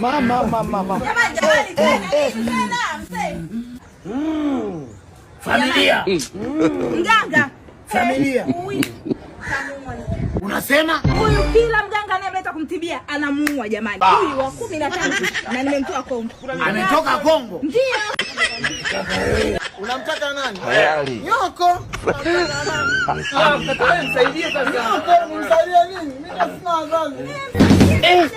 Mama, mama, mama. Familia. Hmm. Mganga. Familia. Eh, Unasema huyu kila mganga anayemleta kumtibia anamuua jamani. Ah. Huyu wa 15 na nimemtoa Kongo. Ametoka Kongo. Ndio. Unamtaka nani? Nyoko. Msaidie sasa. Nyoko, nimsaidie nini? Mimi sina wazazi. Eh,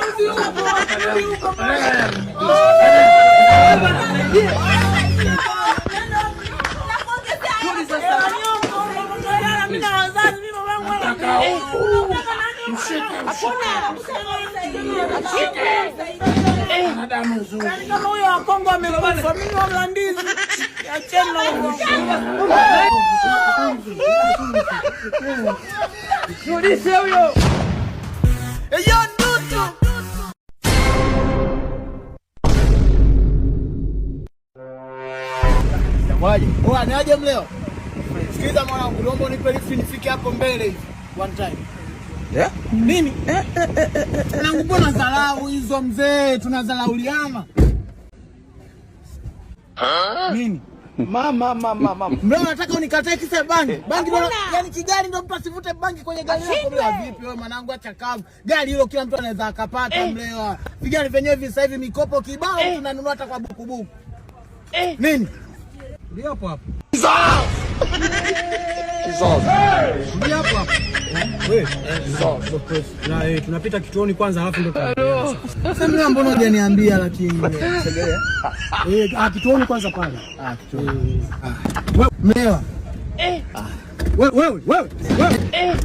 rudi huko. Rudi huko. Mshike. Mshike. Yaani kama huyo wa amekufa, mimi wa Mlandizi. Acheni na Rudishe huyo. Eyo Dutu. Kwaje? Oa, niaje mleo? Sikiza mwanangu, naomba unipe lift nifike hapo mbele hivi. One time. Yeah? Nini? Eh, eh, eh, dharau hizo mzee, tunadharauliana. Nini? Mama mama mama. Mbona unataka unikatae kisa bangi? Bangi ndio yani kigari ndio mtu bangi kwenye gari lako bila vipi wewe mwanangu acha kavu. Gari hilo kila mtu anaweza akapata Mlewa. Vigari vyenyewe hivi sasa hivi mikopo kibao eh. Tunanunua hata kwa buku buku. Eh. Nini? Ndio hapo hapo. Zaa. Zaa. Ndio hapo hapo tunapita kituoni kwanza halafu ndo sema, mbona hujaniambia lakini? Eh, ah, kituoni kwanza pale. Ah, kituoni. Wewe eh, ah. mlewa. Eh. Wewe ah. wewe wewe. Eh.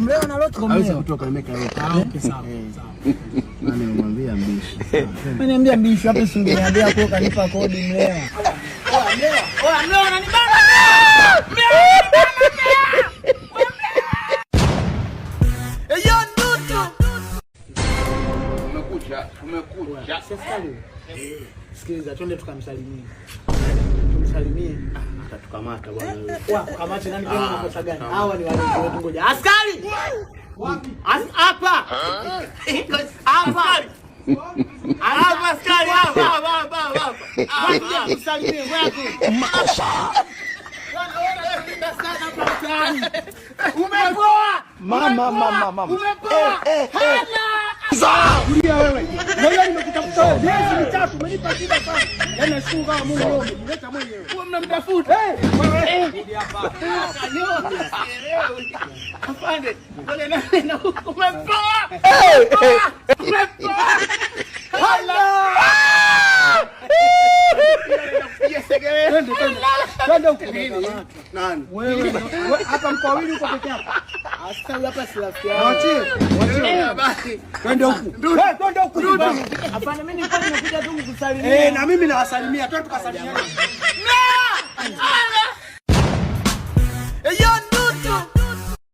Mlewa na Lotko mlewa. Hawezi kutoka nimeka leo. Ah, eh. okay sawa. Eh. Sawa. Nani unamwambia mbishi? Mimi niambia mbishi, hapo si ungeniambia kwa kanipa kodi mlewa. Oh, mlewa. Oh, mlewa unanipa Tumekucha, tumekucha. Eh, sikiliza, twende tukamsalimie, tumsalimie. Atatukamata bwana. Wakamate nani? Kwa ah, makosa gani? Hawa ni walinzi Ngoja askari wapi? Hapa hapa Umepoa mama, mama, mama. Umepoa. Eh, eh, Tulia wewe. Moyo nimekutafuta wewe. Miezi mitatu umenipa shida sana. Yaani nashukuru kama Mungu leo umejileta mwenyewe. Wewe mnamtafuta. Eh. Wewe ndio hapa. Afande. Kole na na umepoa. Eh. Umepoa. Twende huko. Nani? Wewe hapa mkoa wili uko peke yako. Asante hapa si rafiki yako. Wachi. Wachi eh, habari. Twende huko. Twende huko. Hapana mimi nilikuwa nimekuja tu kukusalimia. Eh, na mimi nawasalimia. Twende tukasalimiane. Eyon